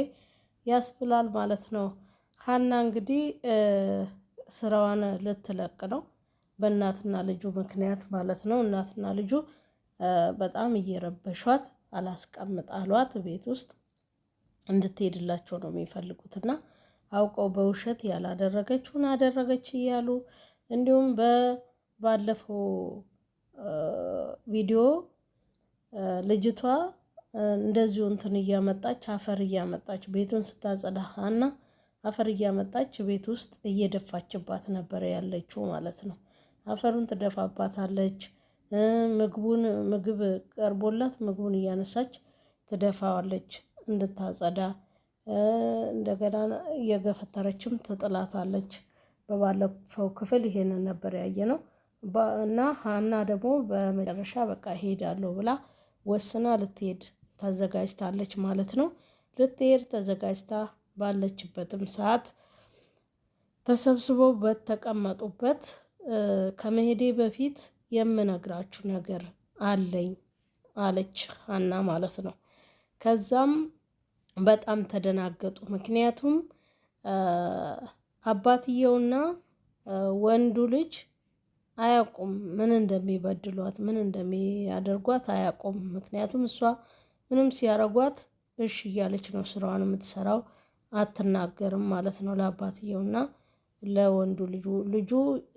ወይ ያስብላል ማለት ነው። ሀና እንግዲህ ስራዋን ልትለቅ ነው በእናትና ልጁ ምክንያት ማለት ነው። እናትና ልጁ በጣም እየረበሿት አላስቀምጣሏት ቤት ውስጥ እንድትሄድላቸው ነው የሚፈልጉትና አውቀው በውሸት ያላደረገችውን አደረገች እያሉ እንዲሁም በባለፈው ቪዲዮ ልጅቷ እንደዚሁ እንትን እያመጣች አፈር እያመጣች ቤቱን ስታጸዳ ሀና አፈር እያመጣች ቤት ውስጥ እየደፋችባት ነበር ያለችው ማለት ነው። አፈሩን ትደፋባታለች። ምግቡን ምግብ ቀርቦላት ምግቡን እያነሳች ትደፋዋለች እንድታጸዳ። እንደገና እየገፈተረችም ትጥላታለች። በባለፈው ክፍል ይሄንን ነበር ያየ ነው እና ሀና ደግሞ በመጨረሻ በቃ ሄዳለሁ ብላ ወስና ልትሄድ ታዘጋጅታለች ማለት ነው። ልትሄድ ተዘጋጅታ ባለችበትም ሰዓት ተሰብስበው በተቀመጡበት ከመሄዴ በፊት የምነግራችሁ ነገር አለኝ አለች ሀና ማለት ነው። ከዛም በጣም ተደናገጡ። ምክንያቱም አባትየውና ወንዱ ልጅ አያውቁም ምን እንደሚበድሏት ምን እንደሚያደርጓት አያውቁም። ምክንያቱም እሷ ምንም ሲያረጓት እሽ እያለች ነው ስራዋን የምትሰራው፣ አትናገርም ማለት ነው ለአባትየው እና ለወንዱ ልጁ። ልጁ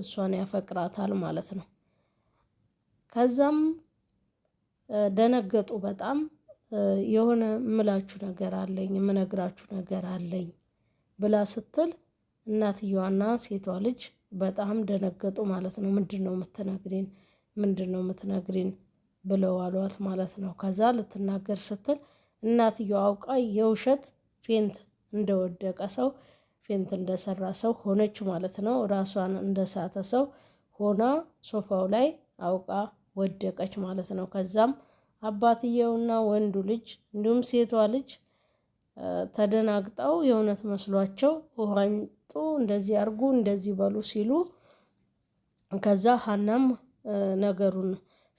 እሷን ያፈቅራታል ማለት ነው። ከዛም ደነገጡ በጣም። የሆነ ምላችሁ ነገር አለኝ የምነግራችሁ ነገር አለኝ ብላ ስትል እናትየዋና ሴቷ ልጅ በጣም ደነገጡ ማለት ነው። ምንድን ነው የምትነግሪን? ምንድን ነው የምትነግሪን ብለው አሏት ማለት ነው። ከዛ ልትናገር ስትል እናትየው አውቃ የውሸት ፌንት እንደወደቀ ሰው ፌንት እንደሰራ ሰው ሆነች ማለት ነው። ራሷን እንደሳተ ሰው ሆና ሶፋው ላይ አውቃ ወደቀች ማለት ነው። ከዛም አባትየውና ወንዱ ልጅ እንዲሁም ሴቷ ልጅ ተደናግጠው የእውነት መስሏቸው ውሃኝጡ እንደዚህ አርጉ እንደዚህ በሉ ሲሉ ከዛ ሀናም ነገሩን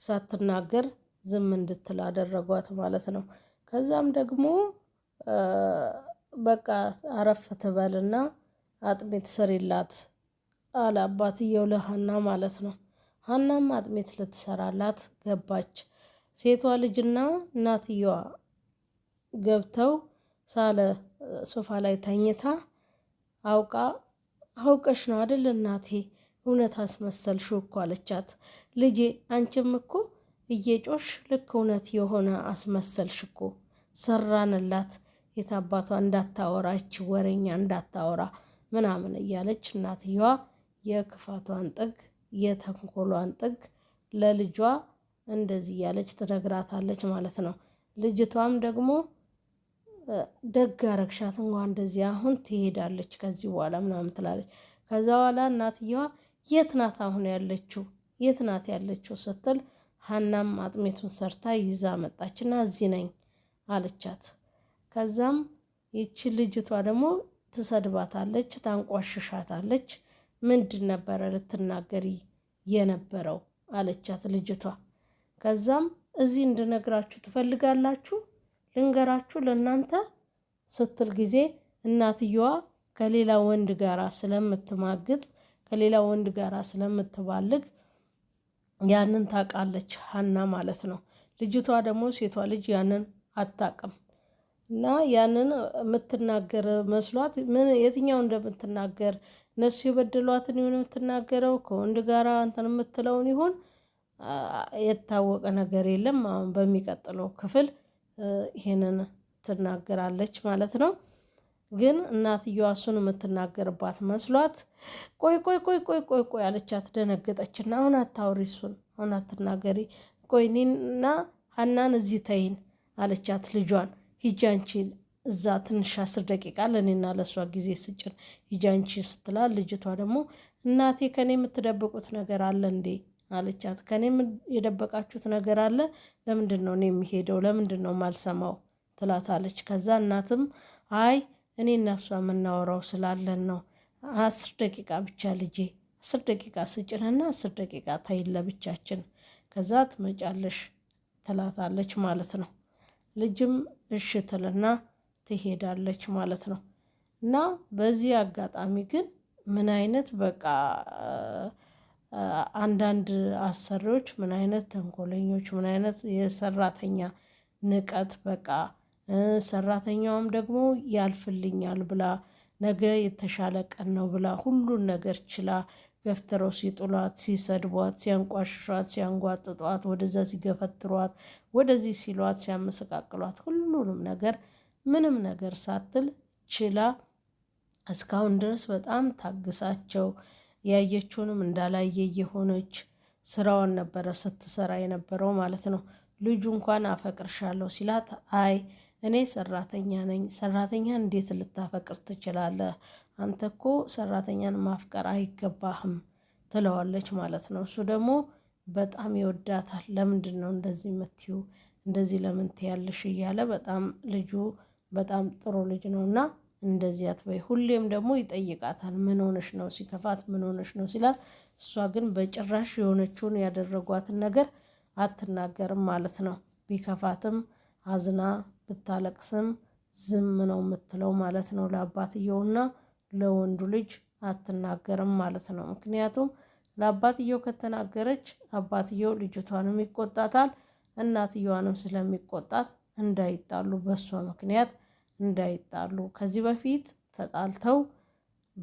ሳትናገር ዝም እንድትል አደረጓት ማለት ነው። ከዛም ደግሞ በቃ አረፍ ትበልና አጥሚት ስሪላት አለ አባትየው ለሀና ማለት ነው። ሀናም አጥሚት ልትሰራላት ገባች። ሴቷ ልጅና እናትየዋ ገብተው ሳለ ሶፋ ላይ ተኝታ አውቃ አውቀሽ ነው አደል እናቴ እውነት አስመሰልሽው እኮ አለቻት። ልጄ አንቺም እኮ እየጮሽ ልክ እውነት የሆነ አስመሰልሽ እኮ ሰራንላት፣ የታባቷ እንዳታወራች ወሬኛ እንዳታወራ ምናምን እያለች እናትየዋ የክፋቷን ጥግ የተንኮሏን ጥግ ለልጇ እንደዚህ እያለች ትነግራታለች ማለት ነው። ልጅቷም ደግሞ ደግ አረግሻት እንኳ እንደዚህ አሁን ትሄዳለች ከዚህ በኋላ ምናምን ትላለች። ከዛ በኋላ እናትየዋ የት ናት አሁን ያለችው የት ናት ያለችው ስትል ሀናም አጥሜቱን ሰርታ ይዛ መጣችና እዚህ ነኝ አለቻት። ከዛም ይቺ ልጅቷ ደግሞ ትሰድባታለች፣ ታንቋሽሻታለች። ምንድን ነበረ ልትናገሪ የነበረው አለቻት ልጅቷ። ከዛም እዚህ እንድነግራችሁ ትፈልጋላችሁ ልንገራችሁ ለእናንተ ስትል ጊዜ እናትየዋ ከሌላ ወንድ ጋር ስለምትማግጥ ከሌላ ወንድ ጋር ስለምትባልግ ያንን ታውቃለች ሀና ማለት ነው። ልጅቷ ደግሞ ሴቷ ልጅ ያንን አታውቅም እና ያንን የምትናገር መስሏት ምን የትኛው እንደምትናገር እነሱ የበደሏትን ይሁን የምትናገረው ከወንድ ጋር እንትን የምትለውን ይሁን የታወቀ ነገር የለም። አሁን በሚቀጥለው ክፍል ይሄንን ትናገራለች ማለት ነው። ግን እናትየዋ እሱን የምትናገርባት መስሏት ቆይ ቆይ ቆይ ቆይ ቆይ ቆይ አለቻት። ደነገጠችና አሁን አታውሪ እሱን አሁን አትናገሪ፣ ቆይ እኔና ሀናን እዚህ ተይን አለቻት። ልጇን ሂጂ አንቺ እዛ ትንሽ አስር ደቂቃ ለእኔና ለእሷ ጊዜ ስጭን ሂጂ አንቺ ስትላል፣ ልጅቷ ደግሞ እናቴ ከኔ የምትደብቁት ነገር አለ እንዴ አለቻት። ከኔ የደበቃችሁት ነገር አለ? ለምንድን ነው እኔ የሚሄደው? ለምንድን ነው ማልሰማው? ትላታለች። ከዛ እናትም አይ እኔ እና እሷ የምናወራው ስላለን ነው። አስር ደቂቃ ብቻ ልጄ፣ አስር ደቂቃ ስጭንና አስር ደቂቃ ታይለ ብቻችን ከዛ ትመጫለሽ ትላታለች ማለት ነው። ልጅም እሽ ትልና ትሄዳለች ማለት ነው። እና በዚህ አጋጣሚ ግን ምን አይነት በቃ አንዳንድ አሰሪዎች ምን አይነት ተንኮለኞች፣ ምን አይነት የሰራተኛ ንቀት በቃ ሰራተኛውም ደግሞ ያልፍልኛል ብላ ነገ የተሻለ ቀን ነው ብላ ሁሉን ነገር ችላ ገፍትረው ሲጥሏት፣ ሲሰድቧት፣ ሲያንቋሽሿት፣ ሲያንጓጥጧት፣ ወደዛ ሲገፈትሯት፣ ወደዚህ ሲሏት፣ ሲያመሰቃቅሏት ሁሉንም ነገር ምንም ነገር ሳትል ችላ እስካሁን ድረስ በጣም ታግሳቸው ያየችውንም እንዳላየ የሆነች ስራውን ነበረ ስትሰራ የነበረው ማለት ነው። ልጁ እንኳን አፈቅርሻለሁ ሲላት አይ እኔ ሰራተኛ ነኝ፣ ሰራተኛን እንዴት ልታፈቅር ትችላለህ? አንተ እኮ ሰራተኛን ማፍቀር አይገባህም ትለዋለች ማለት ነው። እሱ ደግሞ በጣም ይወዳታል። ለምንድን ነው እንደዚህ የምትዩ እንደዚህ ለምን ትያለሽ? እያለ በጣም ልጁ በጣም ጥሩ ልጅ ነው እና እንደዚህ አትበይ። ሁሌም ደግሞ ይጠይቃታል። ምን ሆነሽ ነው ሲከፋት፣ ምን ሆነሽ ነው ሲላት፣ እሷ ግን በጭራሽ የሆነችውን ያደረጓትን ነገር አትናገርም ማለት ነው ቢከፋትም አዝና ብታለቅስም ዝም ነው የምትለው ማለት ነው። ለአባትየውና ለወንዱ ልጅ አትናገርም ማለት ነው። ምክንያቱም ለአባትየው ከተናገረች አባትየው ልጅቷንም ይቆጣታል፣ እናትየዋንም ስለሚቆጣት እንዳይጣሉ በእሷ ምክንያት እንዳይጣሉ ከዚህ በፊት ተጣልተው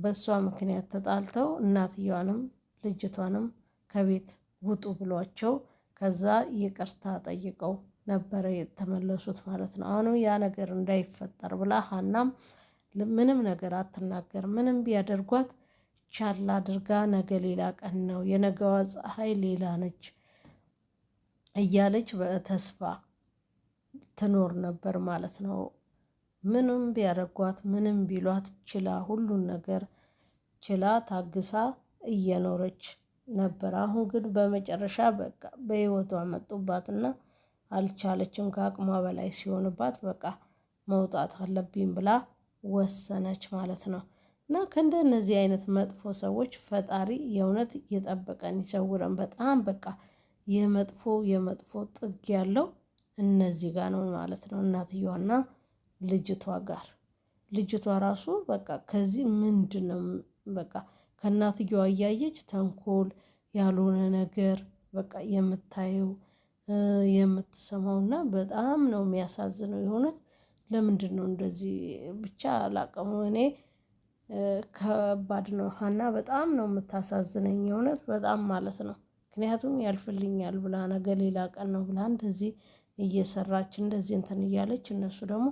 በእሷ ምክንያት ተጣልተው እናትየዋንም ልጅቷንም ከቤት ውጡ ብሏቸው ከዛ ይቅርታ ጠይቀው ነበረ የተመለሱት ማለት ነው። አሁንም ያ ነገር እንዳይፈጠር ብላ ሀናም ምንም ነገር አትናገር፣ ምንም ቢያደርጓት ቻል አድርጋ ነገ ሌላ ቀን ነው የነገዋ ፀሐይ ሌላ ነች እያለች በተስፋ ትኖር ነበር ማለት ነው። ምንም ቢያደርጓት ምንም ቢሏት ችላ ሁሉን ነገር ችላ ታግሳ እየኖረች ነበር። አሁን ግን በመጨረሻ በቃ በህይወቷ መጡባትና አልቻለችም። ከአቅሟ በላይ ሲሆንባት በቃ መውጣት አለብኝ ብላ ወሰነች ማለት ነው። እና እነዚህ አይነት መጥፎ ሰዎች ፈጣሪ የእውነት እየጠበቀን ይሰውረን። በጣም በቃ የመጥፎ የመጥፎ ጥግ ያለው እነዚህ ጋር ነው ማለት ነው። እናትየዋና ልጅቷ ጋር ልጅቷ ራሱ በቃ ከዚህ ምንድን ነው በቃ ከእናትየዋ እያየች ተንኮል ያልሆነ ነገር በቃ የምታየው የምትሰማው እና በጣም ነው የሚያሳዝነው የሆነት ለምንድን ነው እንደዚህ ብቻ አላቀሙ እኔ ከባድ ነው ሀና በጣም ነው የምታሳዝነኝ የሆነት በጣም ማለት ነው ምክንያቱም ያልፍልኛል ብላ ነገ ሌላ ቀን ነው ብላ እንደዚህ እየሰራች እንደዚህ እንትን እያለች እነሱ ደግሞ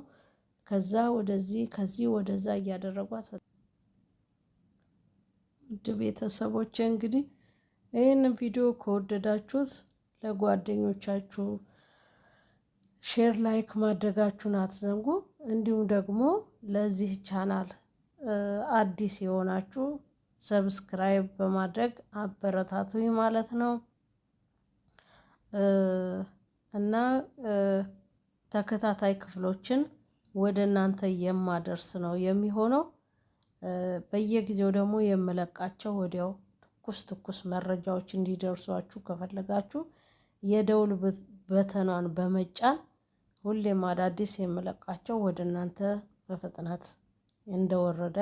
ከዛ ወደዚህ ከዚህ ወደዛ እያደረጓት ውድ ቤተሰቦች እንግዲህ ይህን ቪዲዮ ከወደዳችሁት ለጓደኞቻችሁ ሼር ላይክ ማድረጋችሁን አትዘንጉ። እንዲሁም ደግሞ ለዚህ ቻናል አዲስ የሆናችሁ ሰብስክራይብ በማድረግ አበረታቱኝ ማለት ነው እና ተከታታይ ክፍሎችን ወደ እናንተ የማደርስ ነው የሚሆነው። በየጊዜው ደግሞ የምለቃቸው ወዲያው ትኩስ ትኩስ መረጃዎች እንዲደርሷችሁ ከፈለጋችሁ የደውል በተኗን በመጫን ሁሌም አዳዲስ የምለቃቸው ወደ እናንተ በፍጥነት እንደወረደ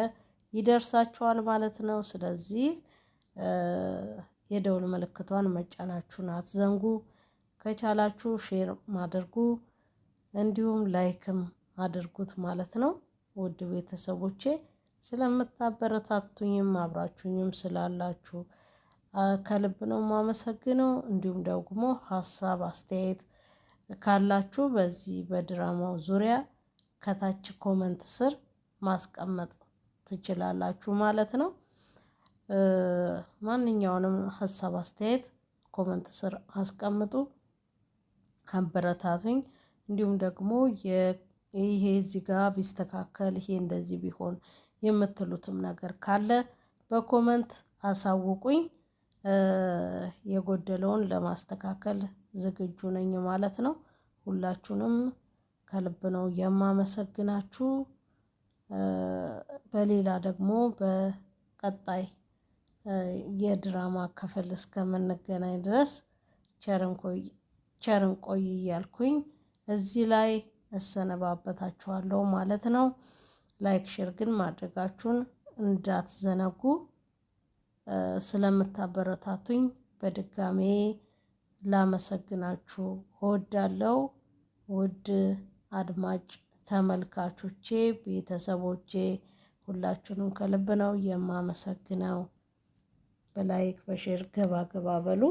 ይደርሳችኋል ማለት ነው። ስለዚህ የደውል ምልክቷን መጫናችሁን አትዘንጉ። ከቻላችሁ ሼር ማድርጉ፣ እንዲሁም ላይክም አድርጉት ማለት ነው። ውድ ቤተሰቦቼ ስለምታበረታቱኝም አብራችሁኝም ስላላችሁ ከልብ ነው የማመሰግነው። እንዲሁም ደግሞ ሀሳብ አስተያየት ካላችሁ በዚህ በድራማው ዙሪያ ከታች ኮመንት ስር ማስቀመጥ ትችላላችሁ ማለት ነው። ማንኛውንም ሀሳብ አስተያየት ኮመንት ስር አስቀምጡ፣ አበረታቱኝ። እንዲሁም ደግሞ ይሄ እዚህ ጋር ቢስተካከል ይሄ እንደዚህ ቢሆን የምትሉትም ነገር ካለ በኮመንት አሳውቁኝ። የጎደለውን ለማስተካከል ዝግጁ ነኝ ማለት ነው። ሁላችሁንም ከልብ ነው የማመሰግናችሁ። በሌላ ደግሞ በቀጣይ የድራማ ክፍል እስከምንገናኝ ድረስ ቸርን ቆይ እያልኩኝ እዚህ ላይ እሰነባበታችኋለሁ ማለት ነው። ላይክ ሼር ግን ማድረጋችሁን እንዳትዘነጉ። ስለምታበረታቱኝ በድጋሜ ላመሰግናችሁ እወዳለሁ። ውድ አድማጭ ተመልካቾቼ፣ ቤተሰቦቼ ሁላችሁንም ከልብ ነው የማመሰግነው። በላይክ በሼር ገባ ገባ በሉ።